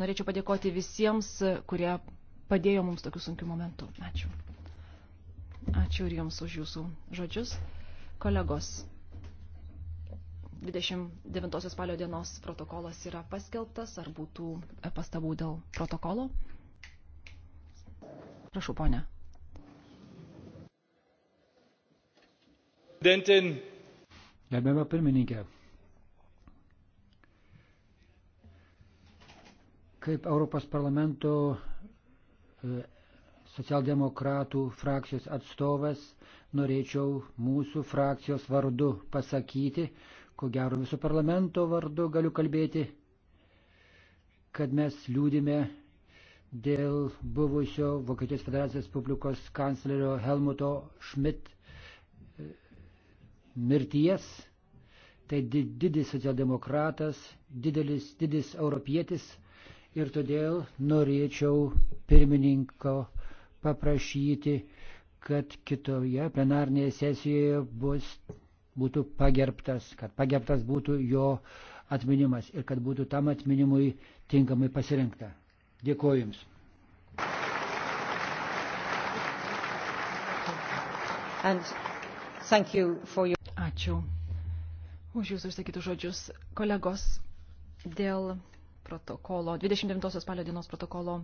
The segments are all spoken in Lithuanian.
Norėčiau padėkoti visiems, kurie padėjo mums tokių sunkių momentų. Ačiū. Ačiū ir Jums už Jūsų žodžius. Kolegos, 29 spalio dienos protokolas yra paskelbtas, ar būtų e, pastabų dėl protokolo? Prašau, ponė. Gerbiama pirmininkė, Kaip Europos parlamento e, socialdemokratų frakcijos atstovas norėčiau mūsų frakcijos vardu pasakyti, ko gero viso parlamento vardu galiu kalbėti, kad mes liūdime dėl buvusio Vokietijos Federacijos Publikos kanclerio Helmuto Schmidt e, mirties. Tai didis socialdemokratas, didelis, didis europietis, ir todėl norėčiau pirmininko paprašyti, kad kitoje plenarnėje sesijoje bus, būtų pagerbtas, kad pagerbtas būtų jo atminimas ir kad būtų tam atminimui tinkamai pasirinkta. Dėkuoju Jums. You your... Ačiū už Jūsų išsakytus žodžius, kolegos, dėl protokolo, 29 spalio dienos protokolo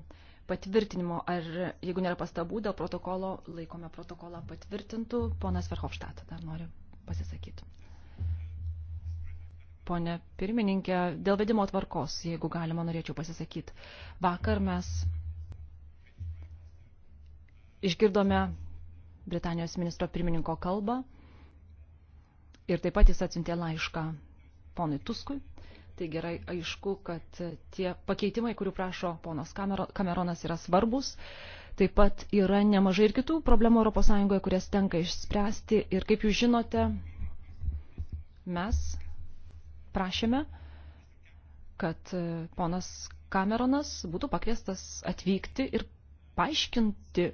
patvirtinimo. Ar jeigu nėra pastabų dėl protokolo, laikome protokolą patvirtintų. Ponas Verhofštat dar noriu pasisakyti. Pone pirmininkė, dėl vedimo tvarkos, jeigu galima, norėčiau pasisakyti. Vakar mes išgirdome Britanijos ministro pirmininko kalbą ir taip pat jis atsintė laišką ponui Tuskui Taigi yra aišku, kad tie pakeitimai, kurių prašo ponas Kameronas, yra svarbus. Taip pat yra nemažai ir kitų problemų ES, kurias tenka išspręsti. Ir kaip jūs žinote, mes prašėme, kad ponas Kameronas būtų pakviestas atvykti ir paaiškinti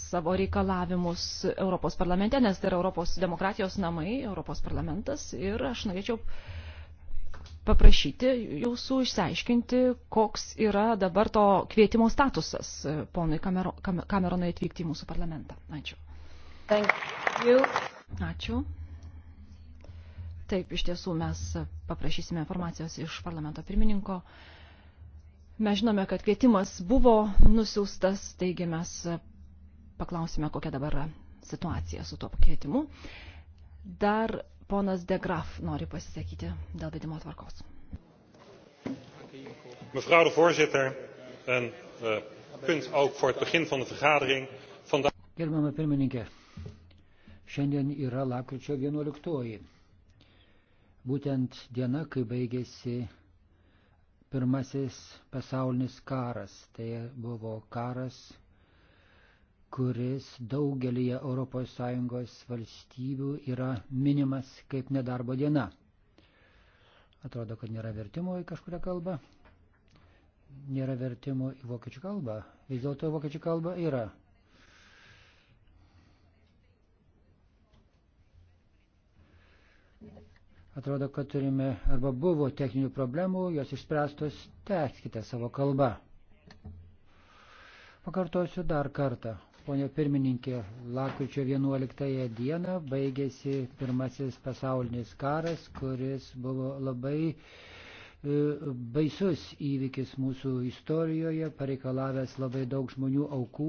savo reikalavimus Europos parlamente, nes tai yra Europos demokratijos namai, Europos parlamentas ir aš norėčiau paprašyti jūsų išsiaiškinti, koks yra dabar to kvietimo statusas e, ponui Kamero, Kameronui atvykti į mūsų parlamentą. Ačiū. Ačiū. Taip, iš tiesų mes paprašysime informacijos iš parlamento pirmininko. Mes žinome, kad kvietimas buvo nusiųstas, taigi mes paklausime, kokia dabar yra situacija su tuo kvietimu. Dar Ponas Degraf nori pasisakyti dėl vedimo tvarkos. Mevrouw de voorzitter, een uh, punt ook voor het begin van de vergadering. Vandaag... Gerbiama pirmininkė, šiandien yra lapkričio 11. Būtent diena, kai baigėsi pirmasis pasaulinis karas. Tai buvo karas kuris daugelįje ES valstybių yra minimas kaip nedarbo diena. Atrodo, kad nėra vertimo į kažkurią kalbą. Nėra vertimo į vokiečių kalbą. Vis dėlto vokiečių kalba yra. Atrodo, kad turime arba buvo techninių problemų, jos išspręstos, tęskite savo kalbą. Pakartosiu dar kartą. Pone pirmininkė, lakryčio 11 dieną baigėsi pirmasis pasaulinis karas, kuris buvo labai e, baisus įvykis mūsų istorijoje, pareikalavęs labai daug žmonių aukų.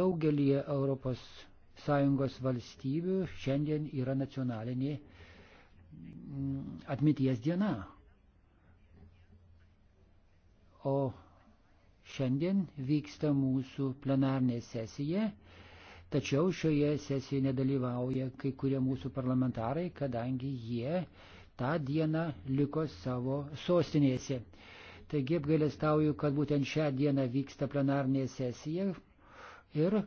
Daugelį ES valstybių šiandien yra nacionalinė mm, atmities diena. O Šiandien vyksta mūsų plenarnė sesija, tačiau šioje sesijoje nedalyvauja kai kurie mūsų parlamentarai, kadangi jie tą dieną liko savo sostinėse. Taigi apgailestauju, kad būtent šią dieną vyksta plenarnė sesija ir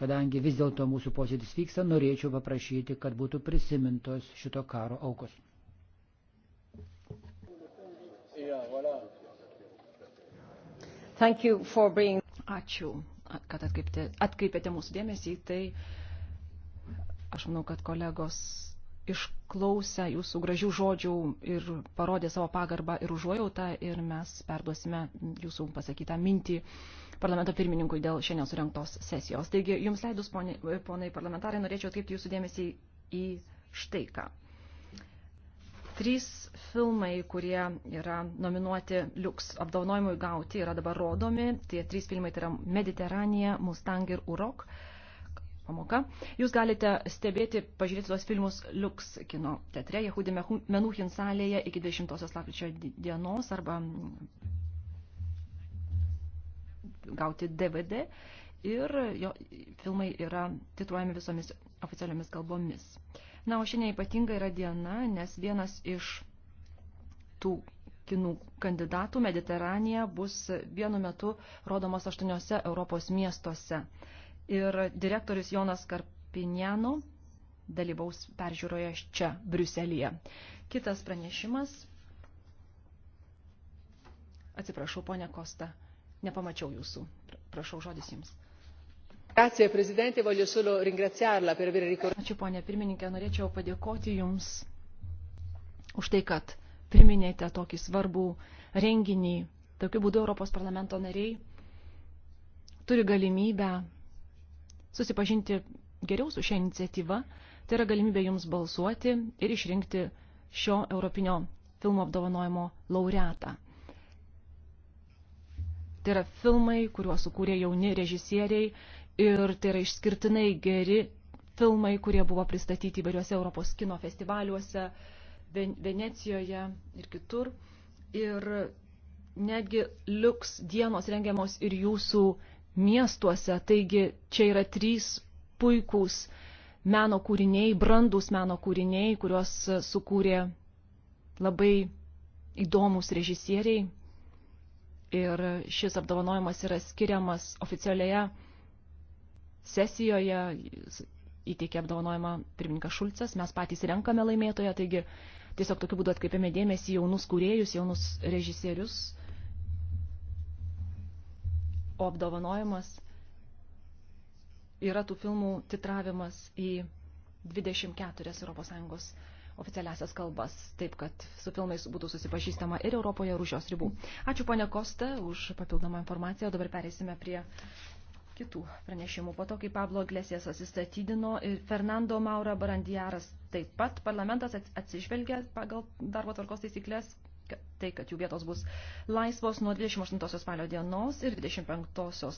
kadangi vis dėlto mūsų posėdis vyksta, norėčiau paprašyti, kad būtų prisimintos šito karo aukos. Being... Ačiū, kad atkreipėte, atkreipėte mūsų dėmesį į tai. Aš manau, kad kolegos išklausę jūsų gražių žodžių ir parodė savo pagarbą ir užuojautą ir mes perduosime jūsų pasakytą mintį parlamento pirmininkui dėl šiandien surinktos sesijos. Taigi, jums leidus, ponai, ponai parlamentarai, norėčiau atkreipti jūsų dėmesį į štai ką. Trys filmai, kurie yra nominuoti liuks apdovanojimui gauti, yra dabar rodomi. Tie trys filmai tai yra Mediteranija, Mustang ir Urok. Pamoka. Jūs galite stebėti, pažiūrėti tuos filmus Lux kino teatre, Jehudi Menuhin salėje iki 20 lapkričio dienos arba gauti DVD ir jo filmai yra titruojami visomis oficialiomis kalbomis. Na, o šiandien ypatinga yra diena, nes vienas iš tų kinų kandidatų Mediteranija bus vienu metu rodomas aštuoniuose Europos miestuose. Ir direktorius Jonas Karpiniano dalyvaus peržiūroje čia, Briuselėje. Kitas pranešimas. Atsiprašau, ponia Kosta, nepamačiau jūsų. Prašau, žodis jums. Grazie, prezidentė, voglio solo ringraziarla per aver ricordato. Ačiū, ponė pirmininkė, norėčiau padėkoti Jums už tai, kad priminėte tokį svarbų renginį. Tokiu būdu Europos parlamento nariai turi galimybę susipažinti geriau su šią iniciatyvą. Tai yra galimybė jums balsuoti ir išrinkti šio europinio filmo apdovanojimo laureatą. Tai yra filmai, kuriuos sukūrė jauni režisieriai, ir tai yra išskirtinai geri filmai, kurie buvo pristatyti įvairiuose Europos kino festivaliuose, Venecijoje ir kitur. Ir netgi liuks dienos rengiamos ir jūsų miestuose, taigi čia yra trys puikūs meno kūriniai, brandus meno kūriniai, kuriuos sukūrė labai įdomus režisieriai. Ir šis apdovanojimas yra skiriamas oficialioje sesijoje įteikė apdovanojimą pirmininkas Šulcas, mes patys renkame laimėtoją, taigi tiesiog tokiu būdu atkreipiame dėmesį jaunus kūrėjus, jaunus režisierius, o apdovanojimas yra tų filmų titravimas į 24 ES oficialiasias kalbas, taip kad su filmais būtų susipažįstama ir Europoje, ir už jos ribų. Ačiū ponia Kosta už papildomą informaciją, o dabar pereisime prie kitų pranešimų. Po to, kai Pablo Iglesias atsistatydino ir Fernando Maura Barandiaras taip pat, parlamentas atsižvelgia pagal darbo tvarkos taisyklės, tai, kad jų vietos bus laisvos nuo 28 spalio dienos ir 25